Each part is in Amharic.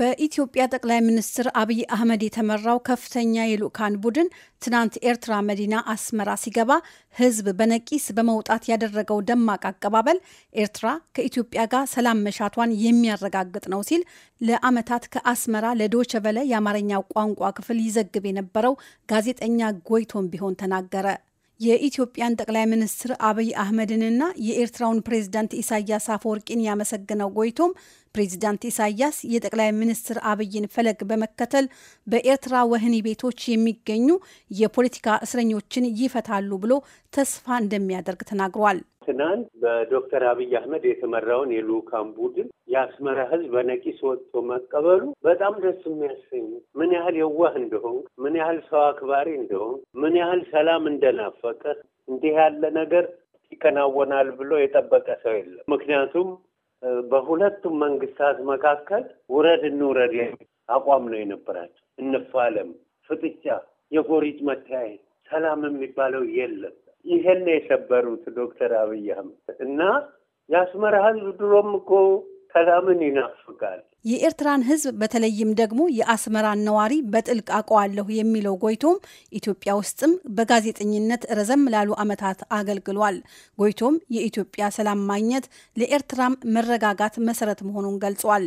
በኢትዮጵያ ጠቅላይ ሚኒስትር አብይ አህመድ የተመራው ከፍተኛ የልኡካን ቡድን ትናንት ኤርትራ መዲና አስመራ ሲገባ ሕዝብ በነቂስ በመውጣት ያደረገው ደማቅ አቀባበል ኤርትራ ከኢትዮጵያ ጋር ሰላም መሻቷን የሚያረጋግጥ ነው ሲል ለዓመታት ከአስመራ ለዶይቼ ቬለ የአማርኛ ቋንቋ ክፍል ይዘግብ የነበረው ጋዜጠኛ ጎይቶም ቢሆን ተናገረ። የኢትዮጵያን ጠቅላይ ሚኒስትር አብይ አህመድንና የኤርትራውን ፕሬዝዳንት ኢሳያስ አፈወርቂን ያመሰግነው ጎይቶም ፕሬዚዳንት ኢሳያስ የጠቅላይ ሚኒስትር አብይን ፈለግ በመከተል በኤርትራ ወህኒ ቤቶች የሚገኙ የፖለቲካ እስረኞችን ይፈታሉ ብሎ ተስፋ እንደሚያደርግ ተናግሯል። ትናንት በዶክተር አብይ አህመድ የተመራውን የልኡካን ቡድን የአስመራ ሕዝብ በነቂስ ወጥቶ መቀበሉ በጣም ደስ የሚያሰኝ ምን ያህል የዋህ እንደሆን፣ ምን ያህል ሰው አክባሪ እንደሆን፣ ምን ያህል ሰላም እንደናፈቀ እንዲህ ያለ ነገር ይከናወናል ብሎ የጠበቀ ሰው የለም። ምክንያቱም በሁለቱም መንግስታት መካከል ውረድ እንውረድ አቋም ነው የነበራቸው። እንፋለም፣ ፍጥጫ፣ የጎሪጥ መተያየት፣ ሰላም የሚባለው የለም። ይሄን የሰበሩት ዶክተር አብይ አህመድ እና የአስመራ ህዝብ ድሮም እኮ ሰላምን ይናፍቃል። የኤርትራን ሕዝብ በተለይም ደግሞ የአስመራን ነዋሪ በጥልቅ አውቀዋለሁ የሚለው ጎይቶም ኢትዮጵያ ውስጥም በጋዜጠኝነት ረዘም ላሉ ዓመታት አገልግሏል። ጎይቶም የኢትዮጵያ ሰላም ማግኘት ለኤርትራም መረጋጋት መሰረት መሆኑን ገልጿል።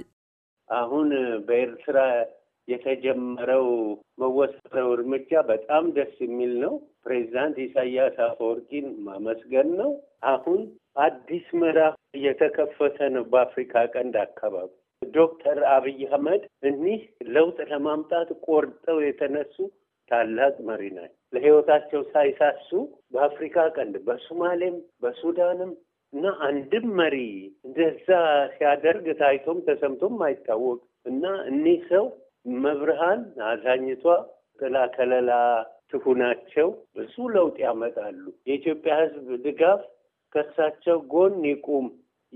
አሁን በኤርትራ የተጀመረው መወሰደው እርምጃ በጣም ደስ የሚል ነው። ፕሬዚዳንት ኢሳያስ አፈወርቂን ማመስገን ነው። አሁን አዲስ ምዕራፍ እየተከፈተ ነው በአፍሪካ ቀንድ አካባቢ። ዶክተር አብይ አህመድ እኒህ ለውጥ ለማምጣት ቆርጠው የተነሱ ታላቅ መሪ ናቸው። ለሕይወታቸው ሳይሳሱ በአፍሪካ ቀንድ በሱማሌም በሱዳንም እና አንድም መሪ እንደዛ ሲያደርግ ታይቶም ተሰምቶም አይታወቅ እና እኒህ ሰው መብርሃን አዛኝቷ ጥላ ከለላ ትሁናቸው ብዙ ለውጥ ያመጣሉ። የኢትዮጵያ ሕዝብ ድጋፍ ከሳቸው ጎን ይቁም።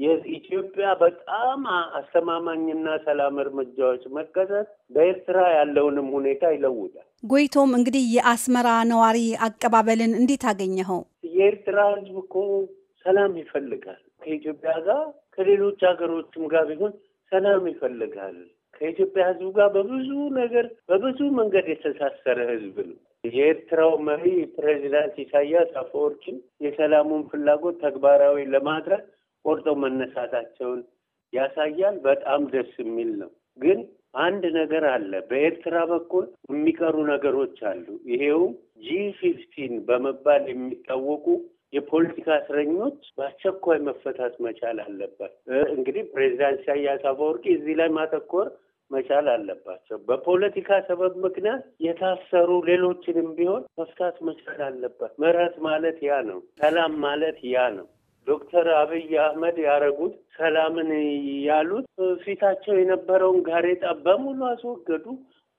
የኢትዮጵያ በጣም አስተማማኝና ሰላም እርምጃዎች መቀጠል በኤርትራ ያለውንም ሁኔታ ይለውጣል። ጎይቶም እንግዲህ የአስመራ ነዋሪ አቀባበልን እንዴት አገኘኸው? የኤርትራ ሕዝብ እኮ ሰላም ይፈልጋል። ከኢትዮጵያ ጋር ከሌሎች ሀገሮችም ጋር ቢሆን ሰላም ይፈልጋል። ከኢትዮጵያ ሕዝብ ጋር በብዙ ነገር በብዙ መንገድ የተሳሰረ ሕዝብ ነው። የኤርትራው መሪ ፕሬዚዳንት ኢሳያስ አፈወርቂ የሰላሙን ፍላጎት ተግባራዊ ለማድረግ ቆርጠው መነሳታቸውን ያሳያል። በጣም ደስ የሚል ነው። ግን አንድ ነገር አለ። በኤርትራ በኩል የሚቀሩ ነገሮች አሉ። ይሄውም ጂ ፊፍቲን በመባል የሚታወቁ የፖለቲካ እስረኞች በአስቸኳይ መፈታት መቻል አለበት። እንግዲህ ፕሬዚዳንት ኢሳያስ አፈወርቂ እዚህ ላይ ማተኮር መቻል አለባቸው። በፖለቲካ ሰበብ ምክንያት የታሰሩ ሌሎችንም ቢሆን መፍታት መቻል አለባት። ምህረት ማለት ያ ነው። ሰላም ማለት ያ ነው። ዶክተር አብይ አህመድ ያደረጉት ሰላምን ያሉት ፊታቸው የነበረውን ጋሬጣ በሙሉ አስወገዱ።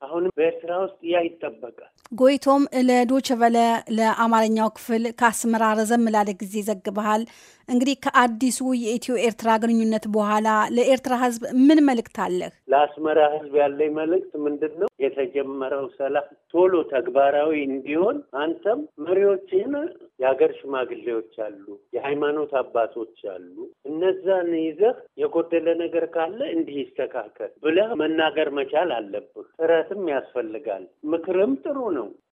አሁንም በኤርትራ ውስጥ ያ ይጠበቃል። ጎይቶም ለዶችቨለ ለአማርኛው ክፍል ከአስመራ ረዘም ላለ ጊዜ ዘግበሃል። እንግዲህ ከአዲሱ የኢትዮ ኤርትራ ግንኙነት በኋላ ለኤርትራ ሕዝብ ምን መልእክት አለህ? ለአስመራ ህዝብ ያለኝ መልእክት ምንድን ነው? የተጀመረው ሰላም ቶሎ ተግባራዊ እንዲሆን አንተም መሪዎችን፣ የሀገር ሽማግሌዎች አሉ፣ የሃይማኖት አባቶች አሉ፣ እነዛን ይዘህ የጎደለ ነገር ካለ እንዲህ ይስተካከል ብለህ መናገር መቻል አለብህ። ጥረትም ያስፈልጋል። ምክርም ጥሩ ነው።